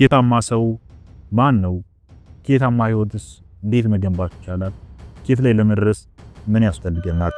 ስኬታማ ሰው ማን ነው? ስኬታማ ህይወትስ እንዴት መገንባት ይቻላል? ስኬት ላይ ለመድረስ ምን ያስፈልገናል?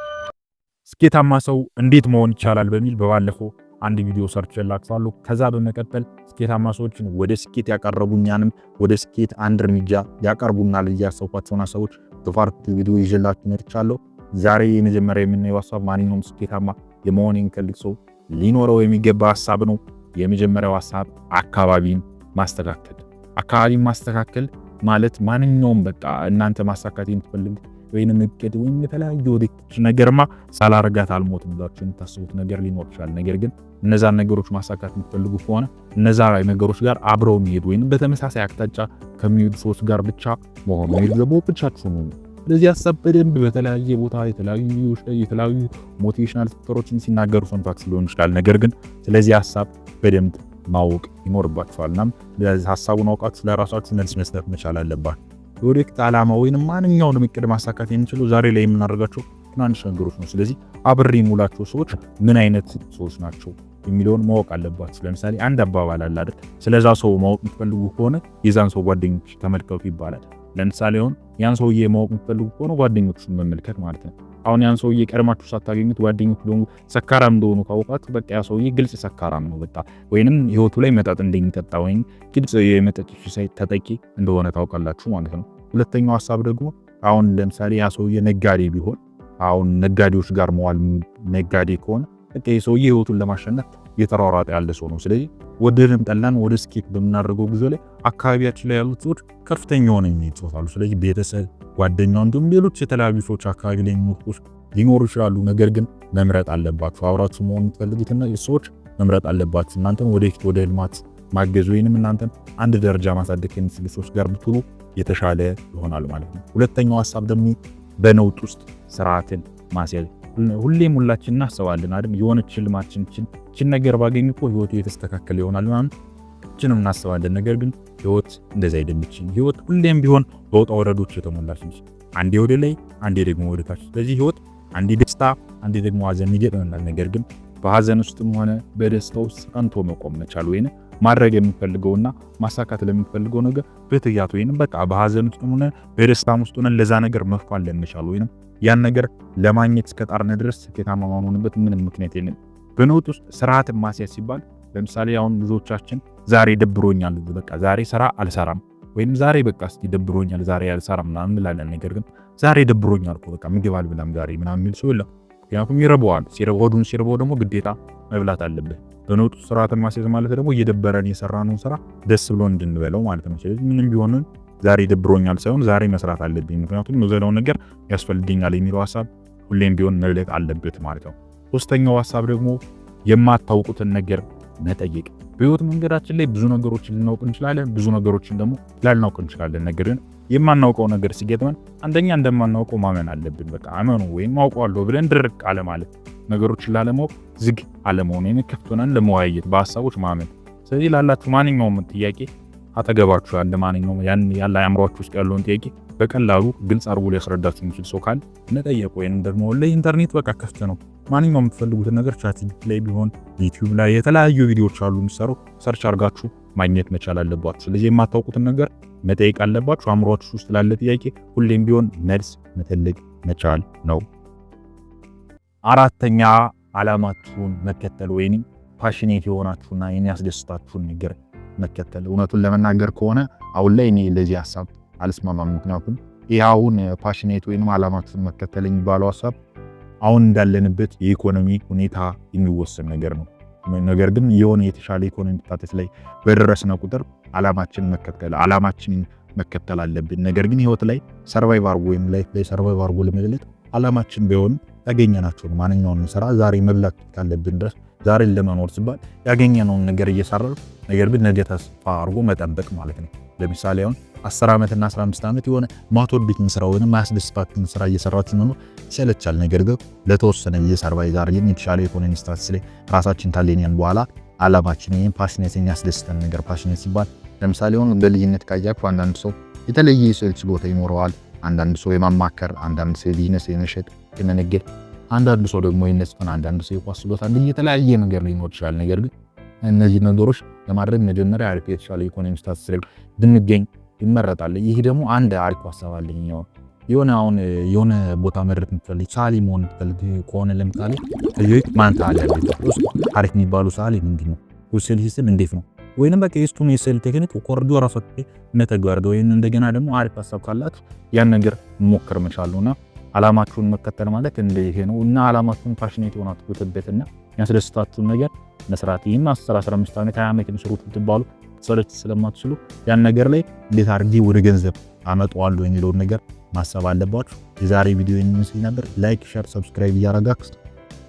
ስኬታማ ሰው እንዴት መሆን ይቻላል በሚል በባለፈው አንድ ቪዲዮ ሰርች ላችኋለሁ። ከዛ በመቀጠል ስኬታማ ሰዎችን ወደ ስኬት ያቀረቡ እኛንም ወደ ስኬት አንድ እርምጃ ያቀርቡናል እያሰብኳቸውና ሰዎች በፓርት ቪዲዮ ይዤላችሁ መጥቻለሁ። ዛሬ የመጀመሪያ የምናየው ሀሳብ ማንኛውም ስኬታማ የመሆን የሚፈልግ ሰው ሊኖረው የሚገባ ሀሳብ ነው። የመጀመሪያው ሀሳብ አካባቢን ማስተካከል አካባቢ ማስተካከል ማለት ማንኛውም በቃ እናንተ ማሳካት የምትፈልግ ወይንም እቅድ ወይም የተለያዩ ወደፊት ነገርማ ሳላረጋት አልሞትም ብላችሁ የምታስቡት ነገር ሊኖር ይችላል። ነገር ግን እነዛን ነገሮች ማሳካት የምትፈልጉ ከሆነ እነዛ ላይ ነገሮች ጋር አብረው የሚሄዱ ወይም በተመሳሳይ አቅጣጫ ከሚሄዱ ሰዎች ጋር ብቻ መሆኑ ወይም ደግሞ ብቻችሁ ነው። ስለዚህ ሀሳብ በደንብ በተለያየ ቦታ የተለያዩ ሞቲቬሽናል ስፒከሮችን ሲናገሩ ሰምታችሁ ሊሆን ይችላል። ነገር ግን ስለዚህ ሀሳብ በደንብ ማወቅ ይኖርባቸዋል እናም ሀሳቡን አውቃችሁ ለራሳችሁ መልስ መስጠት መቻል አለባችሁ። የወደፊት ዓላማ ወይም ማንኛውንም እቅድ ማሳካት የምንችለው ዛሬ ላይ የምናደርጋቸው ትናንሽ ነገሮች ነው። ስለዚህ አብሬ የሙላቸው ሰዎች ምን አይነት ሰዎች ናቸው የሚለውን ማወቅ አለባችሁ። ለምሳሌ አንድ አባባል አለ አይደል? ስለዛ ሰው ማወቅ የምትፈልጉ ከሆነ የዛን ሰው ጓደኞች ተመልከቱ ይባላል። ለምሳሌ አሁን ያን ሰውዬ ማወቅ የምትፈልጉ ከሆነ ጓደኞቹን መመልከት ማለት ነው። አሁን ያን ሰውዬ ቀድማችሁ ሳታገኙት ጓደኞቹ ደግሞ ሰካራም እንደሆኑ ካወቃችሁ በቃ ያ ሰውዬ ግልጽ ሰካራም ነው በቃ ወይንም ህይወቱ ላይ መጠጥ እንደሚጠጣ ወይም ግልጽ የመጠጥ ተጠቂ እንደሆነ ታውቃላችሁ ማለት ነው። ሁለተኛው ሀሳብ ደግሞ አሁን ለምሳሌ ያ ሰውዬ ነጋዴ ቢሆን አሁን ነጋዴዎች ጋር መዋል ነጋዴ ከሆነ በቃ የሰውዬ ህይወቱን ለማሸነፍ እየተሯሯጠ ያለ ሰው ነው። ስለዚህ ወደድንም ጠላን ወደ ስኬት በምናደርገው ጊዜ ላይ አካባቢያችን ላይ ያሉት ሰዎች ከፍተኛ የሆነ የሚጽት አሉ። ስለዚህ ቤተሰብ፣ ጓደኛ እንዲሁም ሌሎች የተለያዩ ሰዎች አካባቢ ላይ የሚወቁስ ሊኖሩ ይችላሉ። ነገር ግን መምረጥ አለባችሁ። አብራችሁ መሆን የምትፈልጉትና ሰዎች መምረጥ አለባችሁ። እናንተን ወደፊት ወደ ህልማት ማገዝ ወይንም እናንተን አንድ ደረጃ ማሳደግ ከሚችሉ ሰዎች ጋር ብትሉ የተሻለ ይሆናል ማለት ነው። ሁለተኛው ሀሳብ ደግሞ በነውጥ ውስጥ ስርዓትን ማስያዝ ሁሌም ሁላችን እናስባለን አይደል? የሆነች ሽልማችን ችን ነገር ባገኝ እኮ ህይወቱ የተስተካከለ ይሆናል ምናምን ችንም እናስባለን። ነገር ግን ህይወት እንደዚ አይደለችም። ህይወት ሁሌም ቢሆን በውጣ ወረዶች የተሞላች ነች። አንዴ ወደ ላይ፣ አንዴ ደግሞ ወደ ታች። ስለዚህ ህይወት አንዴ ደስታ፣ አንዴ ደግሞ ሀዘን ይገጥመናል። ነገር ግን በሀዘን ውስጥም ሆነ በደስታ ውስጥ ጸንቶ መቆም መቻል ወይም ማድረግ የምትፈልገውና ማሳካት ለምትፈልገው ነገር በትያት ወይም በቃ በሀዘን ውስጥ ሆነ በደስታም ውስጥ ሆነ ለዛ ነገር መፍቀን ለመቻል ወይም ያን ነገር ለማግኘት እስከጣርን ድረስ ስኬታማ ማንሆንበት ምንም ምክንያት የለም። በነውጥ ውስጥ ስርዓትን ማስያዝ ሲባል ለምሳሌ አሁን ብዙዎቻችን ዛሬ ደብሮኛል፣ በቃ ዛሬ ስራ አልሰራም ወይም ዛሬ በቃ እስኪ ደብሮኛል ዛሬ አልሰራም ምናምን እንላለን። ነገር ግን ዛሬ ደብሮኛል እኮ በቃ ምግብ አልበላም ዛሬ ምናምን የሚል ሰው የለም። ምክንያቱም ይረበዋል። ሲረበው ደግሞ ግዴታ መብላት አለበት። በነውጡ ስርዓትን ማስያዝ ማለት ደግሞ እየደበረን የሰራነውን ስራ ደስ ብሎ እንድንበለው ማለት ነው። ስለዚህ ምንም ቢሆንም ዛሬ ደብሮኛል ሳይሆን ዛሬ መስራት አለብኝ፣ ምክንያቱም የምበላውን ነገር ያስፈልገኛል የሚለው ሀሳብ ሁሌም ቢሆን መብለጥ አለበት ማለት ነው። ሶስተኛው ሀሳብ ደግሞ የማታውቁትን ነገር መጠየቅ። በህይወት መንገዳችን ላይ ብዙ ነገሮችን ልናውቅ እንችላለን፣ ብዙ ነገሮችን ደግሞ ላልናውቅ እንችላለን። ነገር ግን የማናውቀው ነገር ሲገጥመን አንደኛ እንደማናውቀው ማመን አለብን። በቃ አመኑ ወይም አውቀዋለሁ ብለን ድርቅ ማለት ነገሮችን ላለማወቅ ዝግ አለመሆን ክፍት ሆነን ለመወያየት በሀሳቦች ማመን። ስለዚህ ላላችሁ ማንኛውም ጥያቄ አጠገባችሁ ያለ ማንኛውም ያን ያለ አእምሯችሁ ውስጥ ያለውን ጥያቄ በቀላሉ ግልጽ አድርጎ ሊያስረዳችሁ የሚችል ሰው ካለ እንጠየቁ። ወይም ደግሞ ለኢንተርኔት በቃ ክፍት ነው። ማንኛውም የምትፈልጉትን ነገር ቻት ላይ ቢሆን ዩቲዩብ ላይ የተለያዩ ቪዲዮዎች አሉ የሚሰሩ ሰርች አድርጋችሁ ማግኘት መቻል አለባችሁ። ስለዚህ የማታውቁትን ነገር መጠየቅ አለባችሁ። አእምሯችሁ ውስጥ ላለ ጥያቄ ሁሌም ቢሆን መልስ መፈለግ መቻል ነው። አራተኛ ዓላማችሁን መከተል ወይም ፓሽኔት የሆናችሁና የሚያስደስታችሁን ነገር መከተል። እውነቱን ለመናገር ከሆነ አሁን ላይ እኔ ለዚህ ሀሳብ አልስማማም። ምክንያቱም ይህ አሁን ፓሽኔት ወይም ዓላማችሁን መከተል የሚባለው ሀሳብ አሁን እንዳለንበት የኢኮኖሚ ሁኔታ የሚወሰን ነገር ነው። ነገር ግን የሆነ የተሻለ ኢኮኖሚ ስታተስ ላይ በደረስነ ቁጥር ዓላማችን መከተል ዓላማችንን መከተል አለብን። ነገር ግን ህይወት ላይ ሰርቫይቭ አርጎ ወይም ላይፍ ላይ ሰርቫይቭ አርጎ አላማችን ቢሆን ያገኘናቸውን ማንኛውን ስራ ዛሬ መብላት ካለብን ድረስ ዛሬን ለመኖር ሲባል ያገኘነውን ነገር እየሰራን ነገር ግን ነገ ተስፋ አድርጎ መጠበቅ ማለት ነው። ለምሳሌ አሁን 10 ዓመትና 15 ዓመት የሆነ ማትወዱትን ስራ ወይም ማያስደስታችሁን ስራ እየሰራችሁ መኖር ይሰለቻል። ነገር ግን ለተወሰነ ጊዜ ሰርቫይቭ አድርገን የተሻለ ኢኮኖሚ ስታትስ ላይ ራሳችን ታሌኒያን በኋላ አላማችን ይህም ፓሽኔት የሚያስደስተን ነገር ፓሽኔት ሲባል ለምሳሌ አሁን በልጅነት ካያችሁ አንዳንድ ሰው የተለየ የስዕል ችሎታ ይኖረዋል። አንዳንድ ሰው የማማከር፣ አንዳንድ ሰው የቢዝነስ የመሸጥ የመነገድ፣ አንዳንድ ሰው ደግሞ የነስፈን አንዳንድ ሰው የኳስ ችሎታ እንደ የተለያየ ነገር ሊኖር ይችላል። ነገር ግን እነዚህ ነገሮች ለማድረግ መጀመሪያ አሪፍ የተሻለ ኢኮኖሚ ስታስብ ብንገኝ ይመረጣል። ይህ ደግሞ አንድ አሪፍ ሀሳብ አለኝ። የሆነ አሁን የሆነ ቦታ መድረስ የምትፈልግ ሳሊ መሆን የምትፈልግ ከሆነ ለምሳሌ ማንታ አለ አሪፍ የሚባሉ ሳሊ ምንድን ነው? ውስል ሂስም እንዴት ነው ወይንም በቃ የእሱን የስዕል ቴክኒክ ኮርዶ ራሳችሁ መተግበር ወይም እንደገና ደግሞ አሪፍ ሀሳብ ካላችሁ ያን ነገር መሞከር መቻሉና አላማችሁን መከተል ማለት እንደ ይሄ ነው እና አላማችሁን ፓሽኔት የሆናችሁበትና ያስደስታችሁን ነገር መስራት ይህም 10 15 ዓመት 20 ዓመት የሚሰሩት ብትባሉ ሰለች ስለማትችሉ ያን ነገር ላይ እንዴት አድርጌ ወደ ገንዘብ አመጣዋለሁ የሚለውን ነገር ማሰብ አለባችሁ። የዛሬ ቪዲዮ የሚመስል ነበር። ላይክ፣ ሸር፣ ሰብስክራይብ እያረጋችሁ